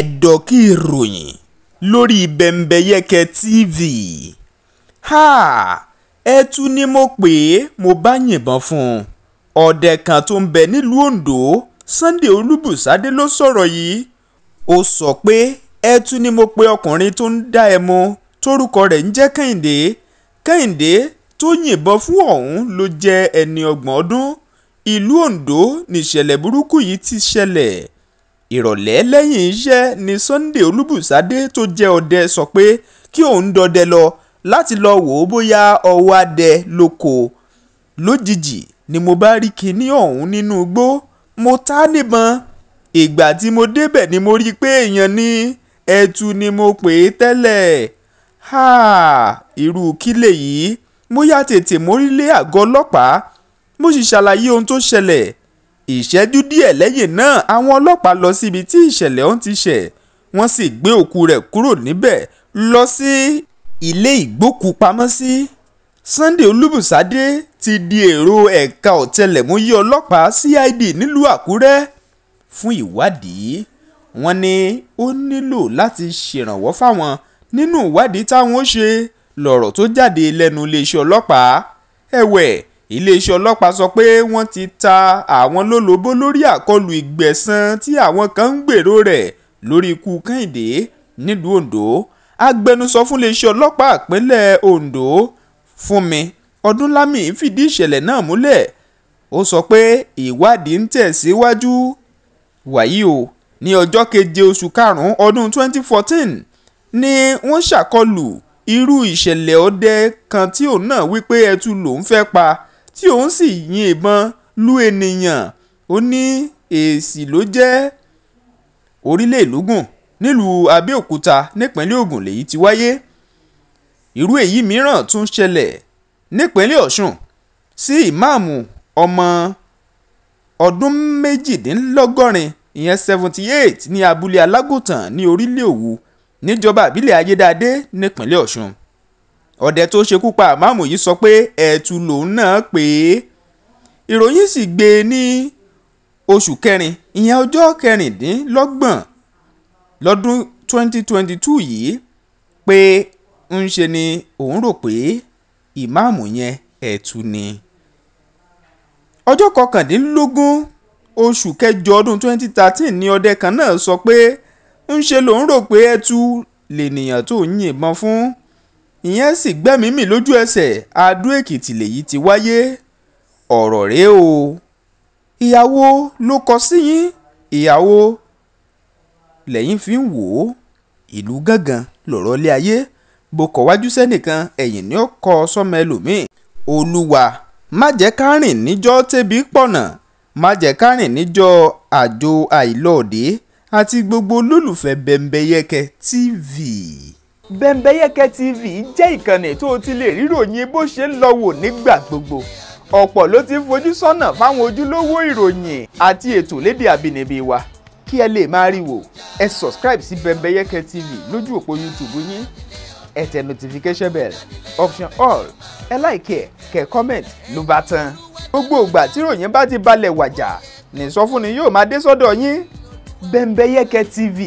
ẹ̀dọ̀kí ìròyìn lórí bẹ́ńbẹ́yẹ́kẹ́ tv ẹ tú ni mo pè é mo bá yìnbọn fún un ọdẹ kan tó ń bẹ nílùú ondo sunday olúbùsàdé ló sọ̀rọ̀ yìí ó sọ pé ẹ tú ni mo pè ọkùnrin tó ń dá ẹmu tórúkọ rẹ̀ ń jẹ́ kẹ́hìndé kẹ́hìndé tó yìnbọn fún ọ̀hún ló jẹ́ ẹni ọgbọ̀n ọdún ìlú ondo nìṣẹ̀lẹ̀ burúkú yìí ti ṣẹlẹ̀ ìrọ̀lẹ́ lẹ́yìn iṣẹ́ ni sunday olùbùsàdé tó jẹ́ ọdẹ sọ pé kí òun dọdẹ lọ láti lọ wò ó bóyá ọwọ́ adẹ lóko lójijì ni mo bá rí kinní ọ̀hún nínú igbó mo ta níbọn ìgbà tí mo débẹ̀ ni mo rí i pé èèyàn ní ẹtu ni mo pè é tẹ́lẹ̀ ha irú kí lèyí mo yá tètè mórílé àgọ́ ọlọ́pàá mo sì ṣàlàyé ohun tó ṣẹlẹ̀ ìṣẹ́jú díẹ̀ lẹ́yìn náà àwọn ọlọ́pàá lọ síbi tí ìṣẹ̀lẹ̀ ọ̀hún ti ṣẹ̀ wọ́n sì gbé òkú rẹ̀ kúrò níbẹ̀ lọ sí ilé ìgbókùpamọ́sí Sunday Olúbùsádé ti di èrò ẹ̀ka ọ̀tẹlẹ̀múyẹ́ ọlọ́pàá CID nílùú Àkúrẹ́ fún ìwádìí wọ́n ní ó nílò láti ṣèrànwọ́ fáwọn nínú ìwádìí táwọn ó ṣe lọ́rọ̀ tó jáde lẹ́nu iléeṣẹ́ ọlọ́pàá ẹ̀wẹ̀ iléeṣẹ́ ọlọ́pàá sọ pé wọ́n ti ta àwọn lólobó lórí àkọlù ìgbẹ̀san tí àwọn kan ń gbèrò rẹ̀ lórí ikú Kẹ́hìndé nílùú Ondo agbẹnusọ fún iléeṣẹ́ ọlọ́pàá ìpínlẹ̀ Ondo Fúnmi Ọdúnlámì fìdí ìṣẹ̀lẹ̀ náà múlẹ̀ ó sọ pé ìwádìí ń tẹ̀síwájú wàyí o ní ọjọ́ keje oṣù karùn-ún ọdún 2014 ni wọ́n ṣàkọlù irú ìṣẹ̀lẹ̀ ọdẹ kan tí òun náà wípé ẹtu lòún fẹ́ pa tí òun sì yin ìbọn lu ènìyàn ó ní èsì ló jẹ́ orílẹ̀ ìlúgùn nílùú Abẹ́òkúta nípínlẹ̀ Ògùn lèyí ti wáyé irú èyí mìíràn tún ṣẹlẹ̀ nípínlẹ̀ Ọ̀ṣun sí ìmáàmù ọmọ ọdún méjìdínlọ́gọ́rin ìyẹn seventy eight ní abúlé alágùntàn ní orílẹ̀ Òwu níjọba àbílẹ̀ ayédáadé nípínlẹ̀ Ọ̀ṣun ọdẹ tó ṣekú pa àmàmù yìí sọ pé ẹ̀tù lòun náà pé ìròyìn sì gbé e ní oṣù kẹrin ìyẹn ọjọ́ kẹrìndínlọ́gbọ̀n lọ́dún 2022 yìí pé ń ṣe ni òun rò pé ìmáàmù yẹn ẹ̀tù ni. ọjọ́ kọkàndínlógún oṣù kẹjọ ọdún 2013 ni ọdẹ kan náà sọ pé ń ṣe lòun rò pé ẹ̀tù lènìyàn tó ń yìnbọn fún ìyẹn sì gbẹ́mìí mì lójú ẹsẹ̀ adó-èkìtì lèyí ti wáyé ọ̀rọ̀ rèé o ìyàwó ló kọ sí yín ìyàwó lẹ́yìn fi ń wò ó ìlú gángan lọ̀rọ̀ lé ayé bó kọ̀ wájú sẹ́nìkan ẹ̀yìn ni ó kọ sọ́mọ ẹlòmíì olúwa má jẹ́ ká rìn níjọ́ tẹ́bi pọ̀nà má jẹ́ ká rìn níjọ́ àjò àìlọ́ọ̀dé àti gbogbo olólùfẹ́ bẹ́ńbẹ́yẹ́kẹ́ TV. Bẹ́mbẹ́yẹ́kẹ́ TV jẹ́ ìkànnì tó ti lè ríròyìn bó ṣe ń lọ wò nígbà gbogbo ọ̀pọ̀ ló ti ń fojú sọ́nà fáwọn ojúlówó ìròyìn àti ètò lédè àbínibí wa kí ẹ lè máa rí wò ẹ subscribe sí Bẹ́mbẹ́yẹ́kẹ́ TV lójú òpó YouTube yín ẹ tẹ notification bell option all ẹ like ẹ kẹ comment ló bá tán gbogbo ìgbà tí ìròyìn bá ti balẹ̀ wàjà nìsọfúnni yóò máa dé sọ́dọ̀ yín Bẹ́mbẹ́yẹ́kẹ́ TV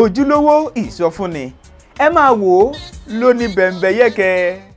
ojúlówó ìsọfúnni ẹ máa wò ó lóní bẹ̀m̀bẹ̀ yẹ̀kẹ́.